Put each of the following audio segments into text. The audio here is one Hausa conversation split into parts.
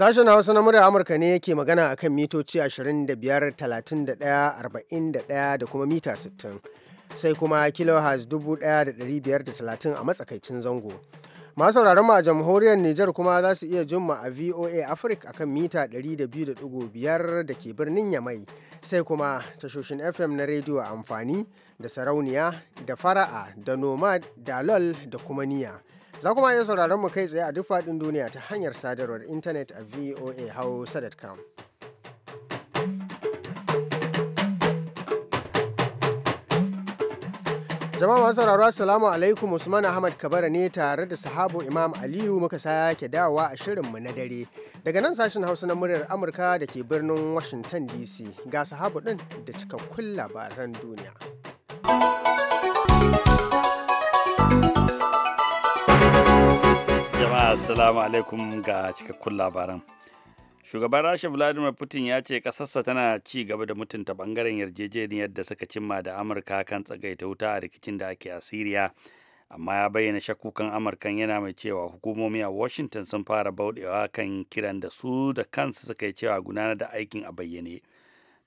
Sashen Hausa na murya Amurka ne yake magana a kan mitoci 25, 31, da kuma mita 60, sai kuma kilohertz 1530 a matsakaicin zango. Masu sauraron mu a jamhuriyar Nijar kuma za su iya jumma a VOA Africa akan mita 200.5 da ke birnin Yamai sai kuma tashoshin FM na rediyo amfani da sarauniya da fara'a da nomad da lol da kuma niya. Za kuma iya sauraron mu kai tsaye a duk faɗin duniya ta hanyar sadarwar intanet a voahausa.com. Jama'a masu sauraro Assalamu alaikum Usman Ahmad Kabara ne tare da sahabu Imam Aliyu muka sake dawowa a shirinmu na dare. Daga nan sashen Hausa na muryar Amurka da ke birnin Washington DC ga sahabu din da cikakkun labaran duniya. jama'a assalamu alaikum ga cikakkun labaran shugaban rasha vladimir putin ya ce kasarsa tana ci gaba da mutunta bangaren yarjejeniyar da suka cimma da amurka kan tsagaita wuta a rikicin da ake a syria amma ya bayyana shakkukan amurkan yana mai cewa hukumomi a washington sun fara bauɗewa kan kiran da su da kansu suka yi cewa gudanar da aikin a bayyane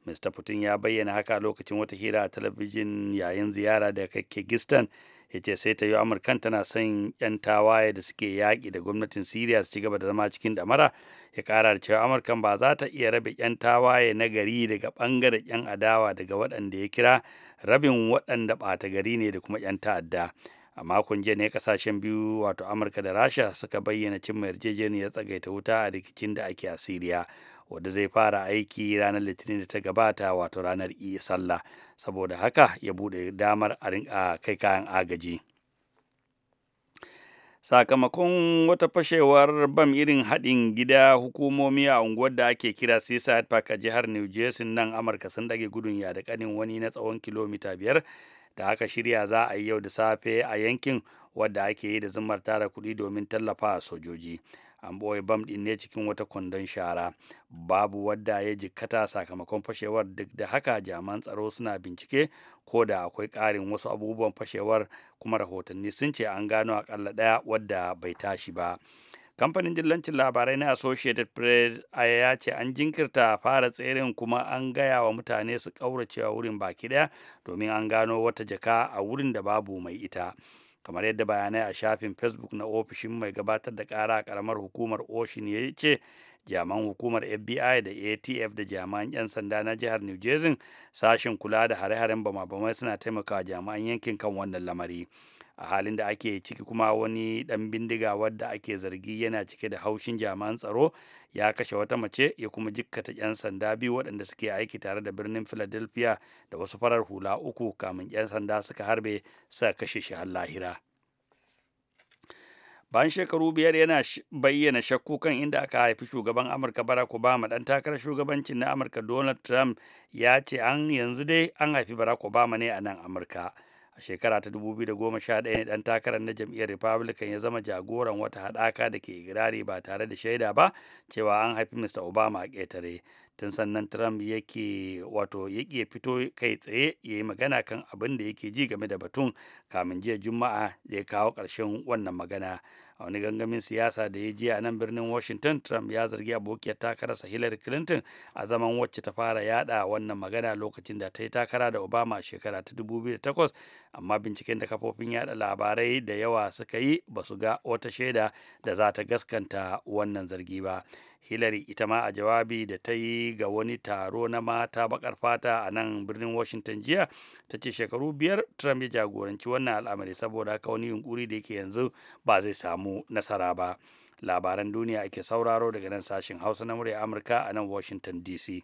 mr putin ya bayyana haka lokacin wata hira a talabijin yayin ziyara da kai kirgistan ya ce sai ta yi amurkan tana son 'yan tawaye da suke yaƙi da gwamnatin siriya su ci gaba da zama cikin damara ya ƙara da cewa amurkan ba za ta iya rabe 'yan tawaye na gari daga ɓangaren 'yan adawa daga waɗanda ya kira rabin waɗanda ɓata gari ne da kuma 'yan ta'adda a makon jiya ne kasashen biyu wato amurka da rasha suka bayyana cimma yarjejeniyar tsagaita wuta a rikicin da ake a siriya wanda zai fara aiki ranar litinin da ta gabata wato ranar iya sallah saboda haka ya bude damar a kai kayan agaji sakamakon wata fashewar bam irin haɗin gida hukumomi a unguwar da ake kira seaside park a jihar new jersey nan amurka sun ɗage gudun ya da kanin wani na tsawon kilomita biyar da haka shirya za a yi yau da safe a yankin wadda ake yi da zumar tara kuɗi domin tallafa sojoji an ɓoye bam ɗin ne cikin wata kwandon shara babu wadda ya jikkata sakamakon fashewar duk da haka jaman tsaro suna bincike ko da akwai ƙarin wasu abubuwan fashewar kuma rahotanni sun ce an gano akalla ɗaya wadda bai tashi ba kamfanin dillancin labarai na associated press ya ce an jinkirta fara tseren kuma an gaya wa mutane su ƙauracewa wurin baki ɗaya domin an gano wata jaka a wurin da babu mai ita kamar yadda bayanai a shafin facebook na ofishin mai gabatar da kara karamar hukumar oshin ya ce jaman hukumar fbi da atf da jami'an 'yan sanda na jihar new jersey sashen kula da hare-haren bama-bamai suna taimakawa jami'an yankin kan wannan lamari a halin da ake ciki kuma wani dan bindiga wadda ake zargi yana cike da haushin jami'an tsaro ya kashe wata mace ya kuma jikkata 'yan sanda biyu waɗanda suke aiki tare da birnin philadelphia da wasu farar hula uku kamin 'yan sanda suka harbe suka kashe shi har lahira bayan shekaru biyar yana bayyana shakku kan inda aka haifi shugaban amurka barack obama dan takarar shugabancin na amurka donald trump ya ce an yanzu dai an haifi barack obama ne a nan amurka a shekara ta 2011 ne dan takarar na jam'iyyar republican ya zama jagoran wata hadaka da ke girari ba tare da shaida ba cewa an haifi mr obama a ƙetare tun sannan trump yake wato ya fito kai tsaye ya yi magana kan abin da yake ji game da batun kamin jiya juma'a ya kawo ƙarshen wannan magana a wani gangamin siyasa da ya ji a nan birnin washington trump ya zargi abokiyar takararsa hillary clinton a zaman wacce ta fara yada wannan magana lokacin da ta yi takara da obama shekara ta 2008 amma binciken da kafofin yada labarai da yawa suka yi ba su ga wata shaida da za ta gaskanta wannan zargi ba hillary ita ma a jawabi da ta yi ga wani taro na mata bakar fata a nan birnin washington jiya ta ce shekaru biyar trump ya jagoranci wannan al'amari saboda haka wani yunkuri da yake yanzu ba zai samu nasara ba labaran duniya ake sauraro daga nan sashen hausa na murya amurka a nan washington dc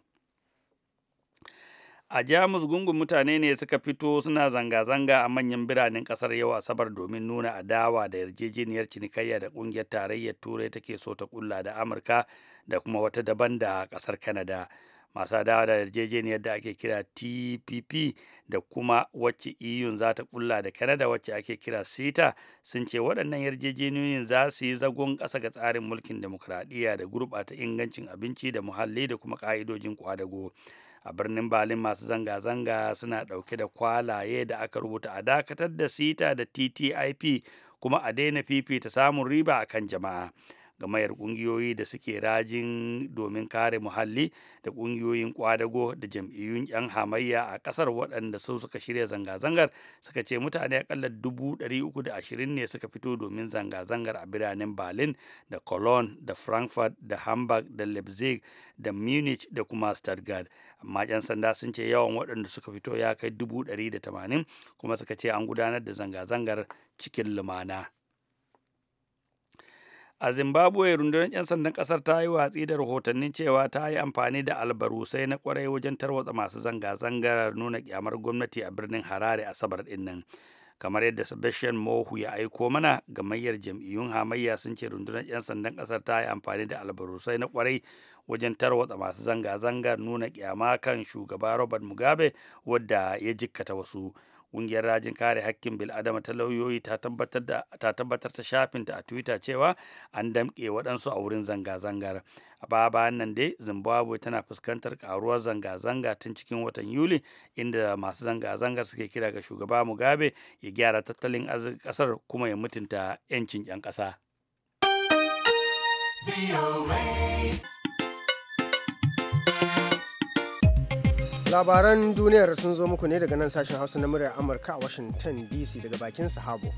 a jamus gungun mutane ne suka fito suna zanga-zanga a manyan biranen kasar yau asabar domin nuna adawa da yarjejeniyar cinikayya da ƙungiyar tarayyar turai take so ta kulla da amurka da kuma wata daban da kasar Canada. Masu adawa da yarjejeniyar da ake kira TPP da kuma wacce EU za ta kulla da Canada wacce ake kira CETA sun ce waɗannan yarjejeniyoyin za su yi zagon ƙasa ga tsarin mulkin demokuraɗiyya da gurɓata ingancin abinci da muhalli da kuma ƙa'idojin kwadago a birnin Berlin masu zanga-zanga suna ɗauke da kwalaye da aka rubuta a dakatar da sita e da TTIP kuma a daina fifita samun riba akan jama'a. gamayar ƙungiyoyi da suke rajin domin kare muhalli da ƙungiyoyin kwadago da jam'iyyun 'yan hamayya a ƙasar waɗanda su suka shirya zanga-zangar suka ce mutane akalla dubu ɗari uku da ashirin ne suka fito domin zanga-zangar a biranen berlin da cologne da frankfurt da hamburg da leipzig da munich da kuma stuttgart amma 'yan sanda sun ce yawan waɗanda suka fito ya kai dubu ɗari da tamanin kuma suka ce an gudanar da zanga-zangar cikin lumana. a zimbabwe rundunar 'yan sandan ƙasar ta yi watsi da rahotannin cewa ta yi amfani da albarusai na kwarai wajen tarwatsa masu zanga-zangar nuna kyamar gwamnati a birnin harare asabar din nan kamar yadda sebastian mohu ya aiko mana gamayyar jam'iyyun hamayya sun ce rundunar 'yan sandan kasar ta yi amfani da albarusai na kwarai wajen tarwatsa masu zanga-zangar nuna kyama kan shugaba robert mugabe wadda ya jikkata wasu ƙungiyar rajin kare hakkin bil'adama ta lauyoyi ta tabbatar ta shafinta a twitter cewa an damƙe waɗansu a wurin zanga-zangar a baya bayan nan dai zimbabwe tana fuskantar karuwar zanga-zanga tun cikin watan yuli inda masu zanga-zangar suke kira ga shugaba mugabe ya gyara tattalin ƙasar kuma ya mutunta 'yancin 'yan ƙasa. labaran duniyar sun zo muku ne daga nan sashen hausa na muryar amurka a washington dc daga bakin sahabo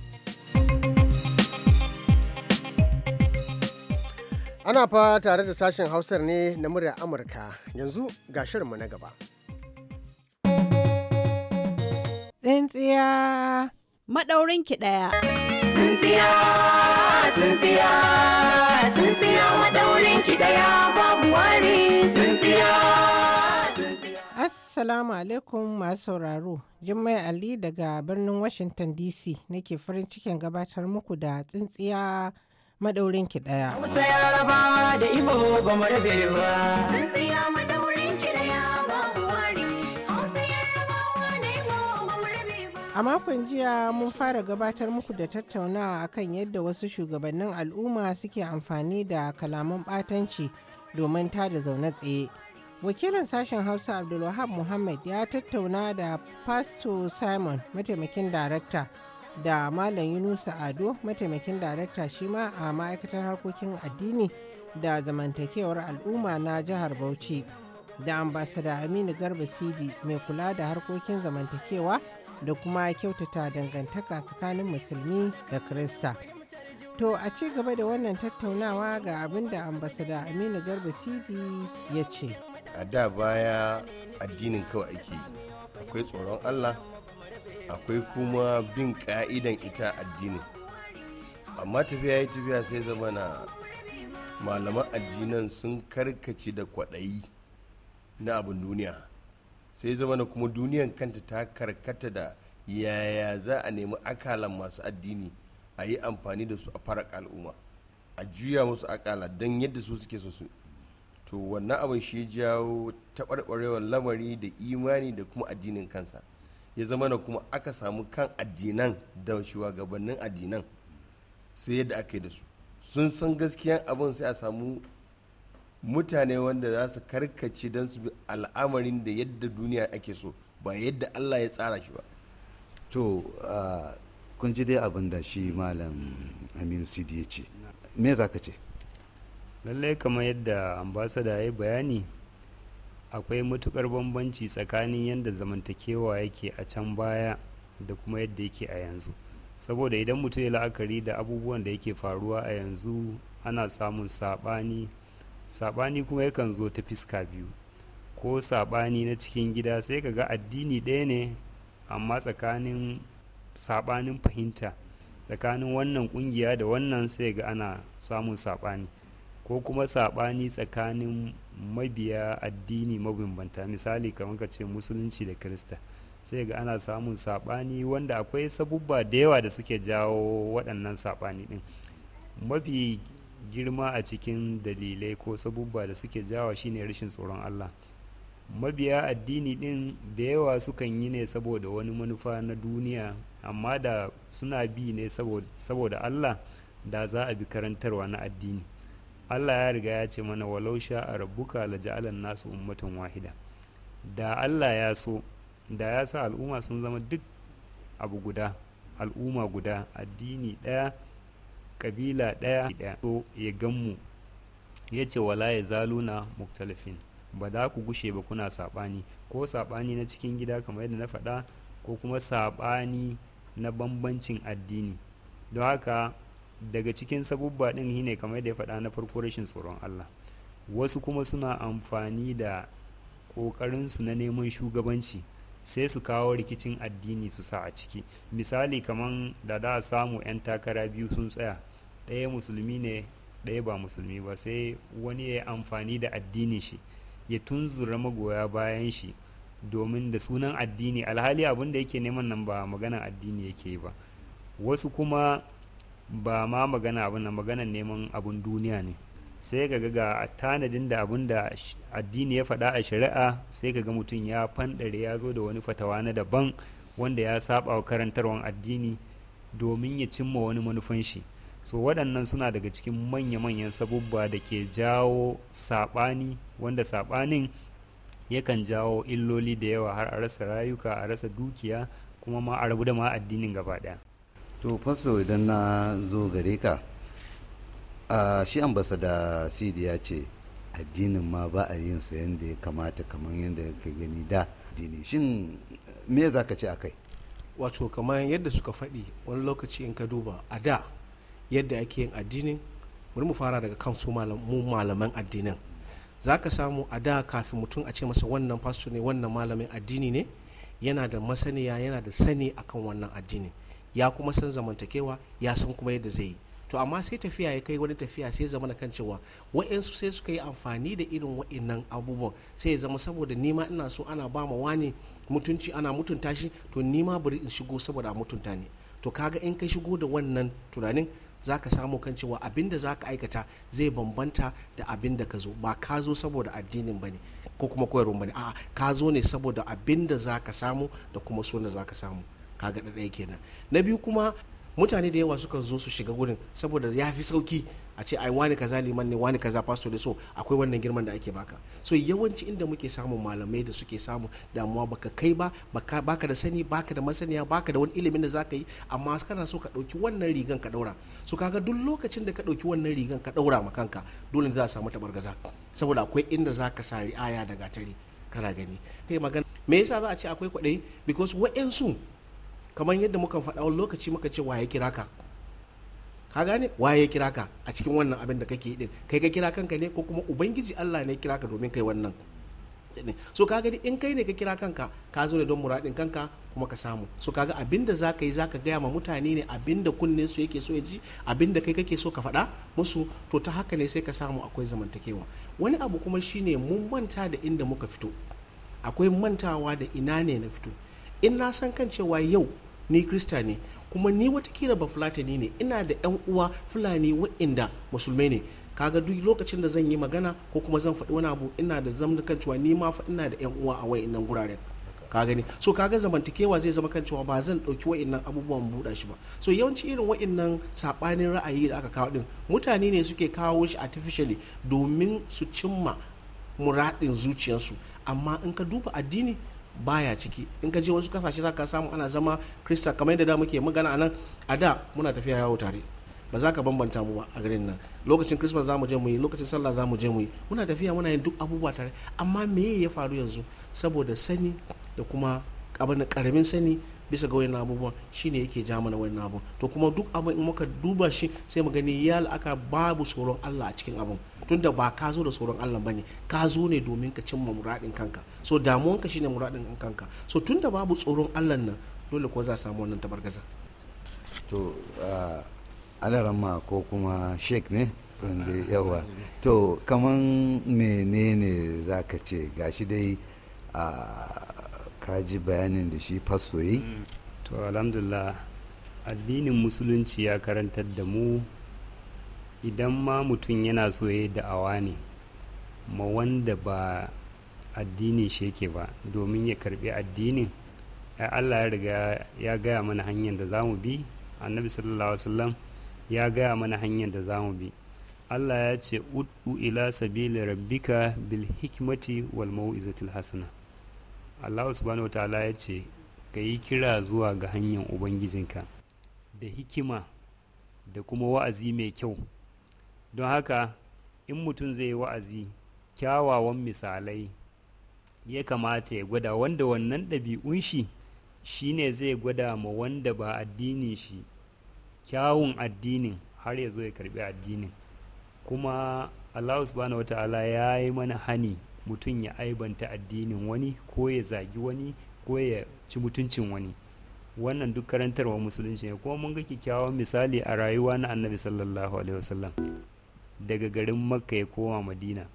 ana fa tare da sashen hausar ne na muryar amurka yanzu ga shirinmu na gaba tsintsiya ki ɗaya tsintsiya tsintsiya tsintsiya ki ɗaya babu wani tsintsiya Assalamu alaikum masu sauraro, Jummai Ali daga birnin Washington DC nake farin cikin gabatar muku da tsintsiya madaurin ki daya. Musa Yarabawa da Ibo ba mu rabe ba. Tsintsiya madaurin ki daya babu wari. Musa Yarabawa da Ibo ba mu rabe ba. A makon jiya mun fara gabatar muku da tattaunawa akan yadda wasu shugabannin al'umma suke amfani da kalaman batanci domin tada zaune tsaye. wakilin sashen hausa abdulwahab muhammad ya tattauna da pastor simon mataimakin darakta da malam yunusa ado mataimakin darakta shi ma a ma'aikatar harkokin addini da zamantakewar al'umma na jihar bauchi da ambasada aminu garba sidi mai kula da harkokin zamantakewa da kuma kyautata dangantaka tsakanin musulmi da krista to a ci gaba da wannan tattaunawa ga abin da ambasada aminu garba sidi ya ce a da baya addinin kawai ake akwai tsoron allah akwai kuma bin ka'idan ita addinin amma tafiya ya tafiya sai zama na malaman addinan sun karkace da kwaɗayi na abin duniya sai zama na kuma duniyan kanta ta karkata da yaya za a nemi akalan masu addini a yi amfani da su a fara al'umma a juya musu akala don yadda su suke so su to wannan abin shi jawo taɓarɓarewar lamari da imani da kuma addinin kansa ya zama na kuma aka samu kan addinan da shugabannin addinan sai yadda aka yi da su sun san gaskiyan abin sai a samu mutane wanda za su karkace don su bi al'amarin da yadda duniya ake so ba yadda allah ya tsara shi ba to kun ji dai abin da shi malam aminu sidi ya ce me za ka ce lallai kamar yadda ambasada ya bayani akwai matukar bambanci tsakanin yadda zamantakewa yake a can baya da kuma yadda yake a yanzu saboda idan mutum ya la'akari da abubuwan da yake faruwa a yanzu ana samun saɓani sabani kuma yakan zo ta fiska biyu ko sabani na cikin gida sai ka ga addini ɗaya ne amma tsakanin saɓanin fahimta tsakanin wannan ƙungiya da wannan sai ga ana samun saɓani ko kuma saɓani tsakanin mabiya addini mabambanta misali kamar ka ce musulunci da kirista sai ga ana samun saɓani wanda akwai sabubba da yawa da suke jawo waɗannan saɓani ɗin mafi girma a cikin dalilai ko sabubba da suke jawo shine rashin tsoron allah mabiya addini ɗin da yawa sukan yi ne saboda wani manufa na duniya amma da suna bi ne saboda allah da za a bi karantarwa na addini Allah ya riga ya ce mana walau sha a rabbuka la ja'alan nasu ummatan wahida da Allah ya so da ya sa al'umma sun zama duk abu guda al'umma guda addini ɗaya kabila ɗaya ɗaya so ya ganmu ya ce wala ya zaluna muktalifin ba za ku gushe ba kuna saɓani ko saɓani na cikin gida kamar yadda na faɗa ko kuma saɓani na bambancin addini don haka daga cikin sabubba din shine kamar da ya faɗa na farko rashin tsoron Allah wasu kuma suna amfani da ƙoƙarinsu na neman shugabanci sai su kawo rikicin addini su sa a ciki misali kamar da da samu 'yan takara biyu sun tsaya ɗaya musulmi ne ɗaya ba musulmi ba sai wani ya amfani da addini shi ya tunzura magoya bayan shi domin da sunan addini alhali abin da yake neman nan ba magana addini yake yi ba wasu kuma ba ma magana abin nan maganan neman abun duniya ne sai kaga ga tanadin da abin da addini ya faɗa a shari'a sai ka ga mutum ya fanɗare ya zo da wani fatawa na daban wanda ya saba wa karantarwar addini domin ya cimma wani manufan shi so waɗannan suna daga cikin manya-manyan sabubba da ke jawo saɓani wanda saɓanin yakan jawo illoli da yawa har a rasa rayuka a rasa dukiya kuma ma a rabu da ma addinin gaba ɗaya to fasto idan na zo gare ka a shi ambasada cd ya ce addinin ma ba a yin sa yadda ya kamata kamar yadda ka gani da addini shin me za ka ce a kai wato kamar yadda suka faɗi wani lokaci in ka duba a da yadda ake yin addinin bari mu fara daga kan su mu malaman addinin za ka samu a da kafin mutum a ce masa wannan fasto ne wannan malamin addini ne yana da masaniya yana da sani akan wannan addinin ya kuma san zamantakewa ya san kuma yadda zai yi to amma sai tafiya ya kai wani tafiya sai zama na kan cewa wa'yansu sai suka yi amfani da irin wa'innan abubuwan sai ya zama saboda nima ina so ana ba ma wani mutunci ana mutunta shi to nima bari in shigo saboda a mutunta ne to kaga in ka shigo da wannan tunanin za ka samu kan cewa abin da za ka aikata zai bambanta da abin da ka zo ba ka zo saboda addinin ba ne ko kuma koyarwa ba ne a'a ka zo ne saboda abin da za ka samu da kuma so da za ka samu kaga ɗaya kenan na biyu kuma mutane da yawa sukan zo su shiga gurin saboda ya fi sauki a ce ai wani kaza liman ne wani kaza pastor ne so akwai wannan girman da ake baka so yawanci inda muke samun malamai da suke samu damuwa baka kai ba baka da sani baka da masaniya baka da wani ilimin da zaka yi amma kana so ka ɗauki wannan rigan ka daura so kaga duk lokacin da ka ɗauki wannan rigan ka ɗaura ma kanka dole za a samu gaza saboda akwai inda zaka sari aya daga tare kana gani kai magana me yasa za a ce akwai kwaɗayi because wa'yansu kamar yadda muka faɗa wani lokaci muka ce waye kira ka ka gane waye kira ka a cikin wannan abin da kake din kai ka kira kanka ne ko kuma ubangiji Allah ne kira ka domin kai wannan so ka gani in kai ne ka kira kanka ka zo ne don muradin kanka kuma ka samu so ka ga abin da zaka yi zaka gaya ma mutane ne abin da kunnen su yake so ya ji abin da kai kake so ka faɗa musu to ta haka ne sai ka samu akwai zamantakewa wani abu kuma shine mun manta da inda muka fito akwai mantawa da ina ne na fito in na san kan cewa yau ni krista ne kuma ni watakila ba fulatani ne ina da yan uwa fulani wa'inda musulmai ne kaga duk lokacin da zan yi magana ko kuma zan faɗi wani abu ina da zan kan cewa ni ma fa ina da yan uwa a wa'innan guraren ka gani so kaga zamantakewa zai zama kan cewa ba zan ɗauki wa'innan abubuwan buɗa shi ba so yawanci irin wa'innan saɓanin ra'ayi da aka kawo ɗin mutane ne suke kawo shi artificially domin su cimma muradin zuciyarsu amma in ka duba addini baya ciki in ka je wasu kasashe za ka samu ana zama krista kamar yadda da muke magana a nan a da muna tafiya yawo tare ba za ka bambanta mu ba a garin nan lokacin christmas za mu je mu yi lokacin sallah za mu je mu yi muna tafiya muna yin duk abubuwa tare amma me ya faru yanzu saboda sani da kuma abin karamin sani bisa ga wayannan abubuwa shine yake ja mana wayannan abubuwa to kuma duk abin in muka duba shi sai mu gani ya la'aka babu tsoron Allah a cikin abun tunda ba ka zo da sauran Allah bane ka zo ne domin ka cimma muradin kanka so ka shine muradin kanka so tunda babu tsoron Allah nan dole ko za samu wannan tabargaza to alarama ko kuma sheik ne wanda yawa to kaman menene za ka ce gashi dai ka ji bayanin da shi fasoyi mm. to alhamdulillah addinin musulunci ya karantar da mu idan ma mutum yana so ya da'awa ne ma wanda ba addinin shi yake ba domin ya karbi addinin allah ya riga ya gaya mana hanyar da za mu bi annabi sallallahu wasallam ya gaya mana hanyar da za mu bi allah ya ce ud'u ila sabili rabbika bil hikmati wal mau'izatil hasana allah subhanahu wataala ya ce ka yi kira zuwa ga hanyar ubangijinka da hikima da kuma wa'azi mai kyau don haka in mutum zai yi wa'azi kyawawan misalai ya kamata ya gwada wanda wannan ɗabi'un shi shine zai gwada ma wanda ba addinin shi kyawun addinin har ya zo ya karbi addinin kuma allah subhanahu wa ta'ala ya yi mana hani mutum ya aibanta addinin wani ko ya zagi wani ko ya ci mutuncin wani wannan duk karantarwa musulunci ne kuma mun ga kyakkyawan misali a rayuwa na annabi sallallahu alaihi wasallam daga garin makka ya koma madina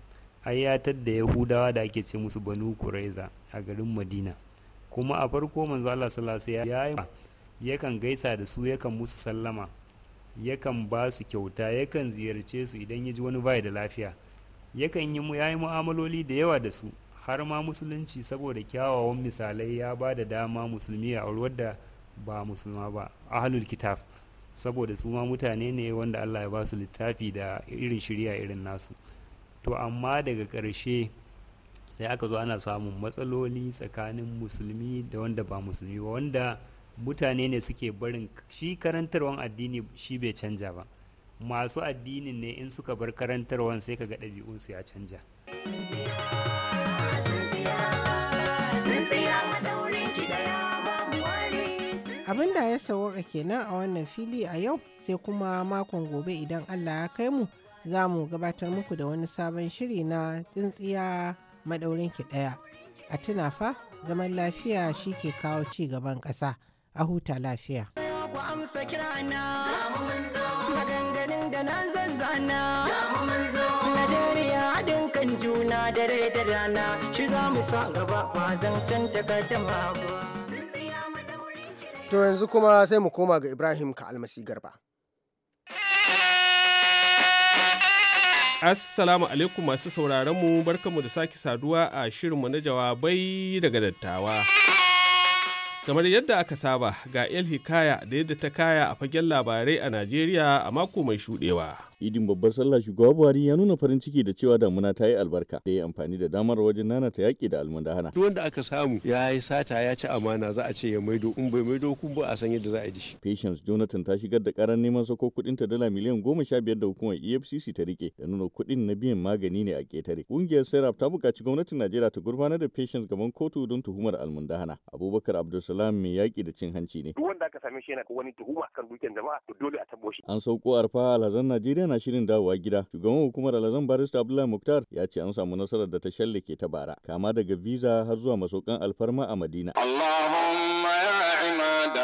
ai ya tadda yahudawa da ake ce musu banu kuraiza a garin madina kuma a farko manzo Allah sallallahu ya yi yakan gaisa da su yakan musu sallama yakan ba su kyauta yakan ziyarce su idan ya ji wani bai da lafiya yakan yi ya yi mu'amaloli da yawa da su har ma musulunci saboda kyawawan misalai ya ba da dama musulmi a wadda ba musulma ba ahlul kitab saboda su ma mutane ne wanda allah ya ba su littafi da irin shirya irin nasu to amma daga ƙarshe sai aka zo ana samun matsaloli tsakanin musulmi da wanda ba musulmi ba wanda mutane ne suke barin shi karantarwan addini shi bai canja ba masu addinin ne in suka bar karantarwan sai ka ga ɗabi'unsu ya canja. abin da ya sawaka kenan a wannan fili a yau sai kuma makon gobe idan allah ya kai mu za mu gabatar muku da wani sabon shiri na tsintsiya ki daya a tuna fa zaman lafiya shi ke kawo ci gaban ƙasa a huta lafiya juna da rai da rana shi za mu sa gaba ba zancen takardama ba To yanzu kuma sai mu koma ga Ibrahim ka almasi garba. Assalamu alaikum masu sauraron mu barkanmu da sake saduwa a shirinmu na jawabai daga dattawa. Kamar yadda aka saba ga El Hikaya da yadda ta kaya a fagen labarai a Najeriya a mako mai shudewa. idin babbar sallah shugaba buhari ya nuna farin ciki da cewa damuna ta yi albarka da ya amfani da damar wajen nana ta yaƙi da almundahana duk wanda aka samu ya yi sata ya ci amana za a ce ya maido in bai maido kun ba a san yadda za a yi shi patience jonathan ta shigar da karar neman sako kuɗin ta dala miliyan goma sha biyar da hukumar efcc ta rike da nuna kuɗin na biyan magani ne a ƙetare ƙungiyar serap ta buƙaci gwamnatin najeriya ta gurfanar da patience gaban kotu don tuhumar almundahana abubakar abdulsalam mai yaƙi da cin hanci ne duk wanda aka same shi yana wani tuhuma kan dukiyar jama'a dole a tabo an sauko arfa alhazan najeriya na shirin dawowa gida. Shugaban hukumar Alhazan Barista Abdullahi Muktar ya ce an samu nasarar da ta shallake ta bara, kama daga visa har zuwa masokan alfarma a Madina. Allahu da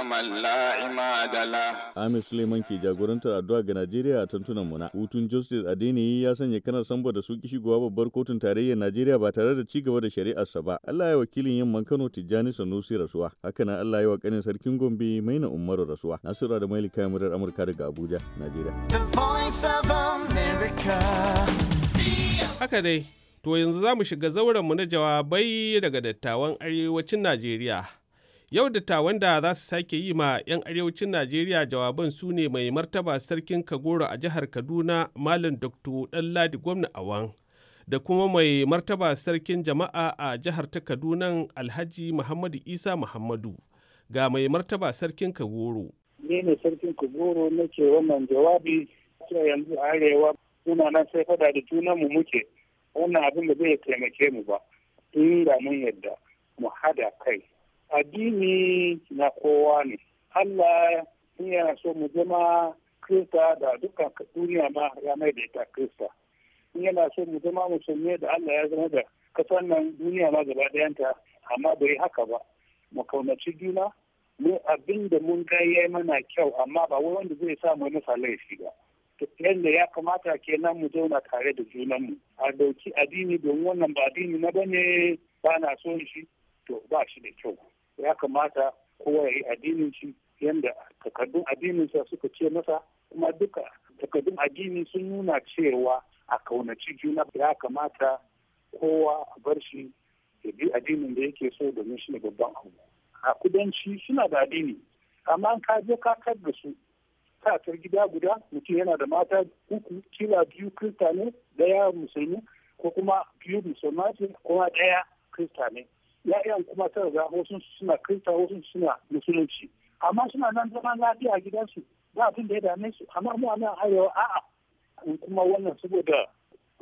da la. Amir Suleiman ke jagorantar addu'a ga Najeriya a tantunan muna. Hutun Justice Adeniyi ya sanya kanar sambo da su kishi gowa babbar kotun tarayyar Najeriya ba tare da cigaba da shari'ar sa ba. Allah ya wakilin yamman Kano Tijjani Sanusi rasuwa. Haka nan Allah ya wa kanin sarkin Gombe Maina Umaru rasuwa. Nasiru da Maili kayan murar Amurka daga Abuja, Najeriya. Haka dai, to yanzu za mu shiga zauren mu na jawabai daga dattawan arewacin Najeriya. Yau dattawan da za su sake yi ma 'yan arewacin Najeriya jawaban su ne mai martaba sarkin Kagoro a jihar Kaduna Malam Dr. ladi Gwamna Awan da kuma mai martaba sarkin jama'a a jihar ta Kaduna Alhaji Muhammadu Isa Muhammadu ga mai martaba sarkin Kagoro. Ni ne sarkin Kagoro nake wannan jawabi yanzu arewa muna nan sai fada da junanmu muke wannan abin da zai taimake mu ba. In da mun yadda mu hada kai addini na kowa ne Allah in yana so mu zama Krista da dukkan duniya ma ya mai da ita Krista in yana so mu zama musulmi da Allah ya zama da kasan nan duniya ma gaba dayanta amma bai haka ba mu kaunaci juna mu abin da mun ga yayi mana kyau amma ba wai wanda zai sa mu masa laifi ba yadda ya kamata kenan mu zauna tare da mu a dauki addini domin wannan ba addini na bane ba na son shi to ba shi da kyau ya kamata kowa ya yi addinin shi yadda takardun addinin sa suka ce masa kuma duka takardun addini sun nuna cewa a kaunaci juna ya kamata kowa a bar shi ya bi addinin da yake so domin shi ne babban abu a kudanci suna da addini amma ka je ka da su katar gida guda mutum yana da mata uku kila biyu kirista ne daya musulmi ko kuma biyu musulma ce kuma daya kirista ne ya'yan kuma ta ga wasu suna ta wasu suna musulunci amma suna nan zama lafiya a gidansu ba abin da ya dame su amma mu a nan arewa a'a in kuma wannan saboda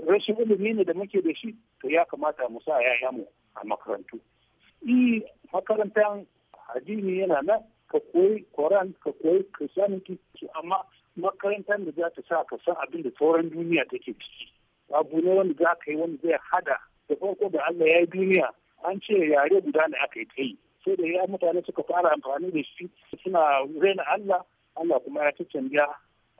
rashin ilimi ne da muke da shi to ya kamata mu sa ya'ya mu a makarantu i makarantar addini yana nan ka koyi koran ka koyi christianity amma makarantar da za ta sa ka san abin da sauran duniya take ciki abu ne wanda za ka yi wanda zai hada da farko da Allah ya yi duniya an ce yare guda ne aka yi ta yi sai da ya mutane suka fara amfani da shi suna na Allah Allah kuma ya ta canja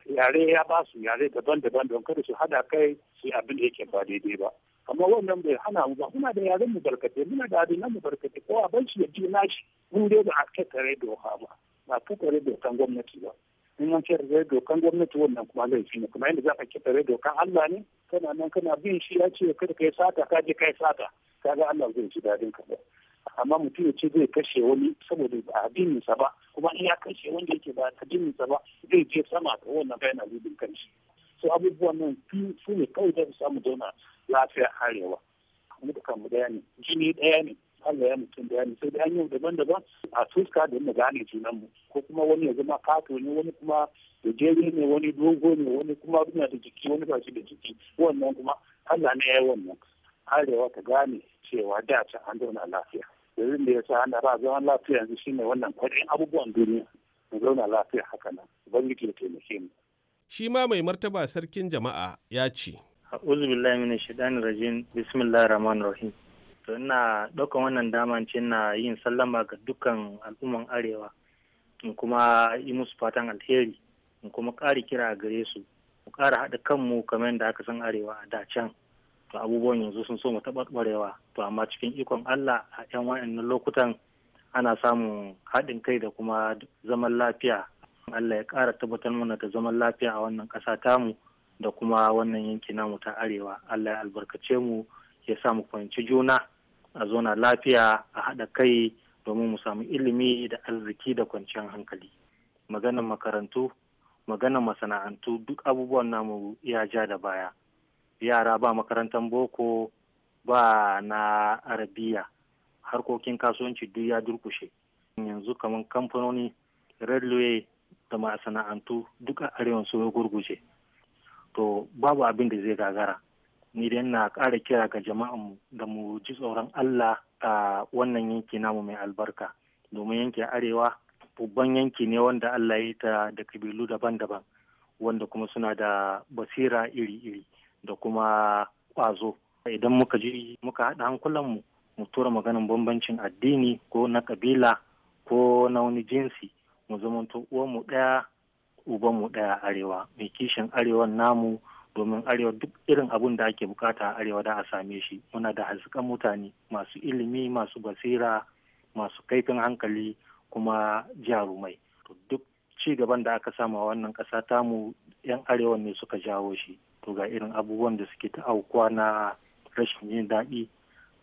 yare ya ba su yare daban-daban don kada su hada kai su abin da yake ba daidai ba amma wannan bai hana mu ba muna da yaren mu barkatai muna da abin mu barkatai ko a bar shi ya ji shi mun dai ba a kakkare doka ba ba kakkare dokan gwamnati ba in an da dokan gwamnati wannan kuma laifi ne kuma yadda za ka kakkare dokan Allah ne kana nan kana bin shi ya ce kada kai sata ka je kai sata kaga Allah zai ji dadin ka ba amma mutum ya ce zai kashe wani saboda ba addininsa ba kuma in ya kashe wanda yake ba addininsa ba zai je sama ga wannan bayan zubin kanshi so abubuwan nan su ne kawai da samu zauna lafiya arewa mutukan mu daya ne jini daya ne Allah ya mutum daya ne sai da hanyar daban-daban a fuska da mu gane junan mu ko kuma wani ya zama kato ne wani kuma da jere ne wani dogo ne wani kuma abin da jiki wani ba shi da jiki wannan kuma Allah ne ya yi wannan arewa ta gane cewa da ta an zauna lafiya yanzu da ya sa ana ba zaman lafiya yanzu shine wannan kwaɗayin abubuwan duniya mu zauna lafiya haka nan ubangiji ya taimake mu shi ma mai martaba sarkin jama'a ya ce a'udhu billahi minash shaitani rajim bismillahir rahmanir rahim to ina ɗaukan wannan daman ce na yin sallama ga dukkan al'umman arewa in kuma yi musu fatan alheri in kuma ƙari kira a gare su mu ƙara haɗa kanmu kamar yadda aka san arewa a da can to abubuwan yanzu sun so mu taɓarɓarewa to amma cikin ikon allah a 'yan wa'annan lokutan ana samun haɗin kai da kuma zaman lafiya allah ya ƙara tabbatar mana da zaman lafiya a wannan ƙasa tamu da kuma wannan yanki namu ta arewa allah ya albarkace mu ya sa mu fahimci juna a zona lafiya a haɗa kai domin mu samu ilimi da arziki da kwanciyar hankali maganan makarantu maganan masana'antu duk abubuwan namu ya ja da baya yara ba makarantar boko ba na arabiya harkokin kasuwanci duk ya durkushe yanzu kamar kamfanoni railway da masana'antu duk a arewan sun gurguje to babu abin da zai gagara ni dai na ƙara kira ga mu da mu ji tsoron Allah a wannan yanki namu mai albarka domin yankin arewa babban yanki ne wanda Allah ya yi ta da kabilu daban-daban wanda kuma suna da basira iri-iri da kuma ƙwazo idan muka ji muka haɗa hankulanmu mu tura maganin bambancin addini ko na kabila ko na wani jinsi mu zamanto uwanmu ɗaya mu ɗaya arewa mai kishin arewa namu domin arewa duk irin abun da ake bukata a arewa da a same shi muna da hasken mutane masu ilimi masu basira masu kaifin hankali kuma jarumai to duk ci gaban da aka sama wannan ƙasa tamu 'yan arewa ne suka jawo shi to ga irin abubuwan da suke ta aukuwa na rashin yin daɗi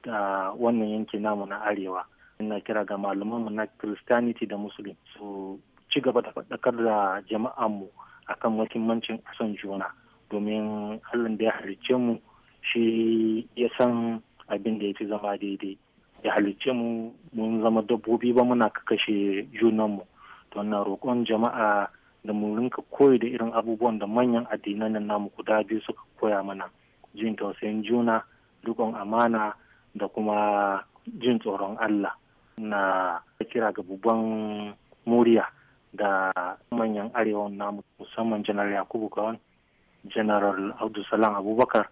da wannan yanki namu na arewa ina kira ga malaman mu na christianity da muslim su ci gaba da faɗakar da jama'an jama'anmu akan muhimmancin son juna domin allah da ya halicce mu shi ya san abin da ya fi zama daidai ya halicce mu mun zama dabbobi ba muna kashe junanmu to na roƙon jama'a da mu rinka koyi da irin abubuwan da manyan addinan nan namu guda biyu suka koya mana jin tausayin juna rikon amana da kuma jin tsoron Allah na kira ga babban muriya da manyan arewan namu musamman janar yakubu gawan janar abdulsalam abubakar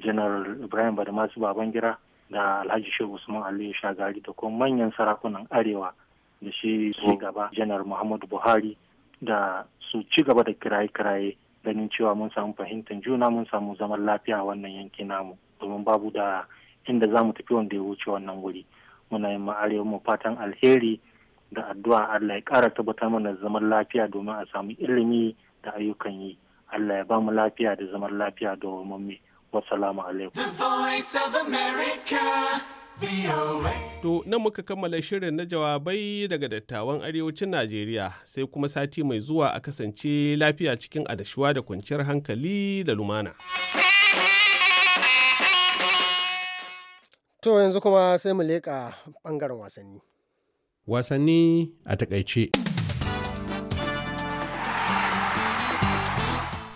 Janar ibrahim badamasu babangira da alhaji shehu usman aliyu shagari da kuma manyan sarakunan arewa da shi gaba janar muhammadu buhari da su ci gaba da kiraye-kiraye ganin cewa mun samu fahimtar juna mun samu zaman lafiya a wannan yanki namu domin babu da inda za mu tafi wanda ya wuce wannan wuri muna yin arewa mu fatan alheri da addu'a Allah ya kara tabbatar mana zaman lafiya domin a samu ilimi da ayyukan yi Allah ya ba mu lafiya da zaman lafiya da mu wasu alaikum To nan muka kammala shirin na jawabai daga dattawan arewacin Najeriya sai kuma sati mai zuwa a kasance lafiya cikin adashuwa da kwanciyar hankali da lumana. To yanzu kuma sai mu leƙa ɓangaren wasanni. Wasanni a takaice.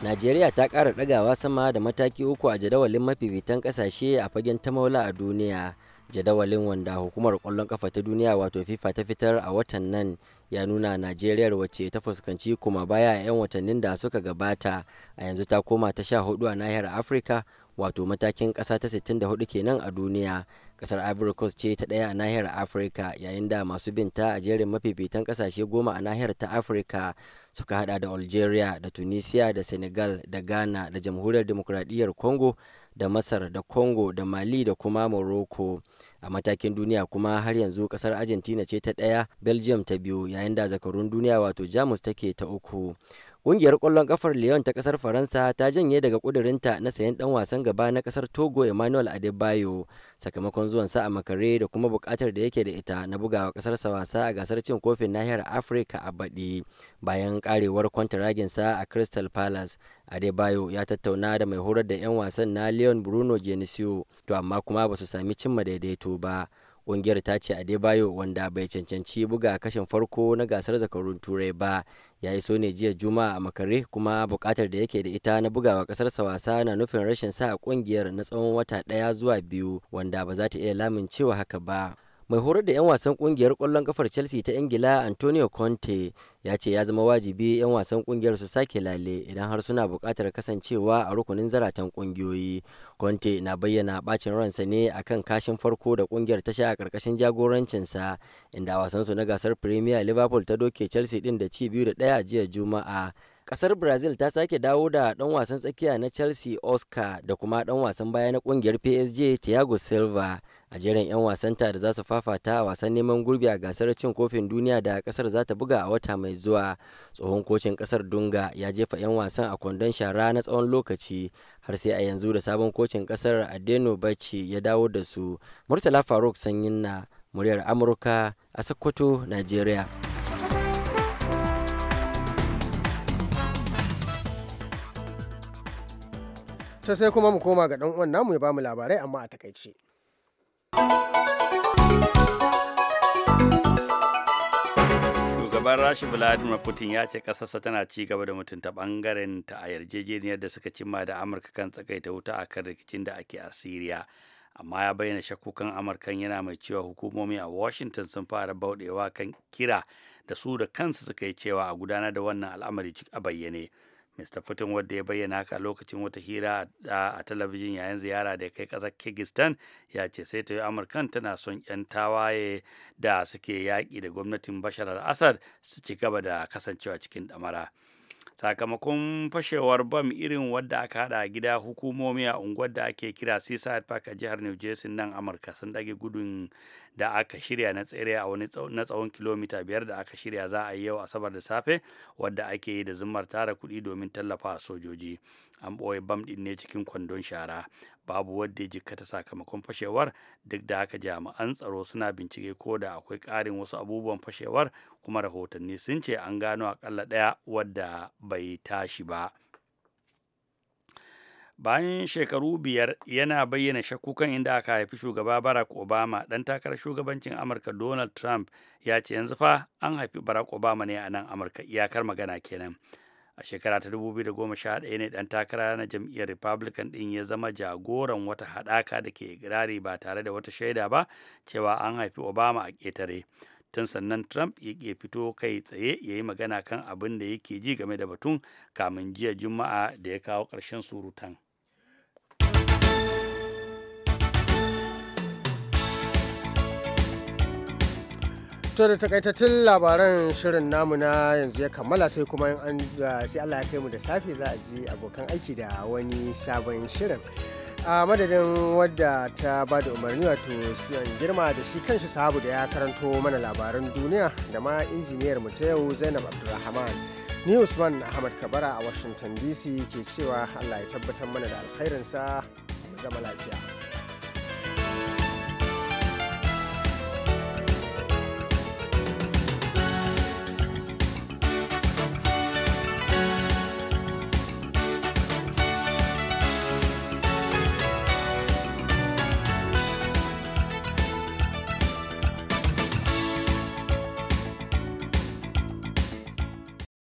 Najeriya ta ƙara ɗagawa sama da mataki uku a jadawalin mafifitan ƙasashe a fagen ta maula a duniya. jadawalin wanda hukumar kwallon kafa ta duniya wato fifa ta fitar a watan nan ya nuna najeriyar wacce ta fuskanci kuma baya a 'yan watannin da suka gabata a yanzu ta koma ta sha hudu a nahiyar afirka wato matakin kasa ta 64 kenan a duniya kasar ivory coast ce ta daya a nahiyar afirka yayin da masu binta a jerin mafifitan kasashe goma a nahiyar ta afirka suka hada da algeria da tunisia da senegal da ghana da jamhuriyar demokuraɗiyyar congo da masar da congo da mali da kuma morocco a matakin duniya kuma har yanzu kasar argentina ce ta ɗaya belgium ta biyu yayin da zakarun duniya wato jamus take ta uku Ƙungiyar ƙwallon ƙafar Lyon ta ƙasar Faransa ta janye daga ƙudurinta na sayan ɗan wasan gaba na ƙasar Togo Emmanuel Adebayo sakamakon zuwan sa a makare da kuma buƙatar da yake da ita na bugawa ƙasarsa wasa a gasar cin kofin nahiyar Afirka a baɗi bayan ƙarewar kwantaraginsa a Crystal Palace. Adebayo ya tattauna da mai horar da 'yan wasan na Lyon Bruno Genesio to amma kuma ba su sami cimma daidaito ba. Ƙungiyar ta ce Adebayo wanda bai cancanci buga kashin farko na gasar zakarun Turai ba ya iso ne jiya juma'a a makare kuma bukatar da yake da ita na bugawa kasarsa wasa na nufin rashin sa a kungiyar na tsawon wata daya zuwa biyu wanda ba za ta iya lamincewa haka ba mai horar da 'yan wasan kungiyar kwallon kafar chelsea ta ingila antonio conte ya ce ya zama wajibi 'yan wasan kungiyar su sake lale idan har suna buƙatar kasancewa a rukunin zaratan kungiyoyi conte na bayyana bacin ransa ne akan kashin farko da kungiyar ta sha a ƙarƙashin jagorancinsa inda wasansu na gasar premier liverpool ta doke chelsea din da ci biyu da ɗaya jiya juma'a kasar brazil ta sake dawo da dan wasan tsakiya na chelsea oscar da kuma dan wasan baya na kungiyar psg thiago silva a jerin 'yan wasanta da za su fafata a wasan neman gurbi a gasar cin kofin duniya da kasar za ta buga a wata mai zuwa tsohon kocin kasar dunga ya jefa 'yan wasan a kwandon shara na tsawon lokaci har sai a yanzu da sabon kocin kasar adeno bacci ya dawo da su murtala faruk sanyin na muryar amurka a sokoto nigeria ta sai kuma mu koma ga uwan namu ya bamu labarai amma a takaice. shugaban rasha vladimir putin ya ce kasarsa tana ci gaba da mutunta bangaren ta a yarjejeniyar da suka cimma da amurka kan tsakaita wuta a kan rikicin da ake a siriya amma ya bayyana shakukan amurka yana mai cewa hukumomi a washington sun fara bauɗewa kan kira da su da kansu suka yi cewa a gudanar da wannan al'amari a bayyane mr putin wadda ya bayyana haka lokacin wata hira a talabijin yayin ziyara da ya kai ƙasar kyrgyzstan ya ce sai ta yi amurkan tana son 'yan tawaye da suke yaƙi da gwamnatin bashar al-assad su ci gaba da kasancewa cikin ɗamara. sakamakon fashewar bam irin wadda aka hada a gida hukumomi a unguwar da ake kira seaside park a jihar new jersey nan amurka sun dage gudun da aka shirya na tsere a wani na tsawon kilomita biyar da aka shirya za a yi yau asabar da safe wadda ake yi da zumar tara kuɗi domin tallafa sojoji an ɓoye bam ɗin ne cikin kwandon shara babu wadda ya jikkata sakamakon fashewar duk da haka jami'an tsaro suna bincike ko da akwai ƙarin wasu abubuwan fashewar kuma rahotanni sun ce an gano akalla ɗaya wadda bai tashi ba bayan shekaru biyar yana bayyana shakkukan inda aka haifi shugaba barack obama ɗan takarar shugabancin amurka donald trump ya ce yanzu fa an haifi barack obama ne a nan amurka iyakar magana kenan a shekara ta 2011 ne dan takara na jam'iyyar republican din ya zama jagoran wata hadaka da ke girari ba tare da wata shaida ba cewa an haifi obama a ketare tun sannan trump ya ke fito kai tsaye ya yi magana kan abin da yake ji game da batun kamin jiya juma'a da ya kawo karshen surutan to da takaitattun labaran shirin namu na yanzu ya kammala sai kuma ah, sai Allah ya kai mu da safe za a ji abokan aiki da wani sabon shirin a madadin wadda ta ba da umarni wato siyan girma da shi kanshi sahabu da ya karanto mana labaran duniya da ma injiniyar mu ta yau zainab abdulrahman ni usman ahmad kabara a washington dc ke cewa allah ya tabbatar mana da alkhairinsa mu zama lafiya